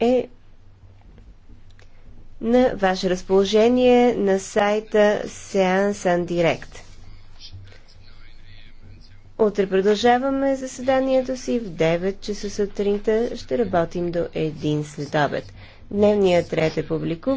е на ваше разположение на сайта Seansan Direct. Утре продължаваме заседанието си в 9 часа сутринта. Ще работим до 1 след обед. Дневният ред е публикуван.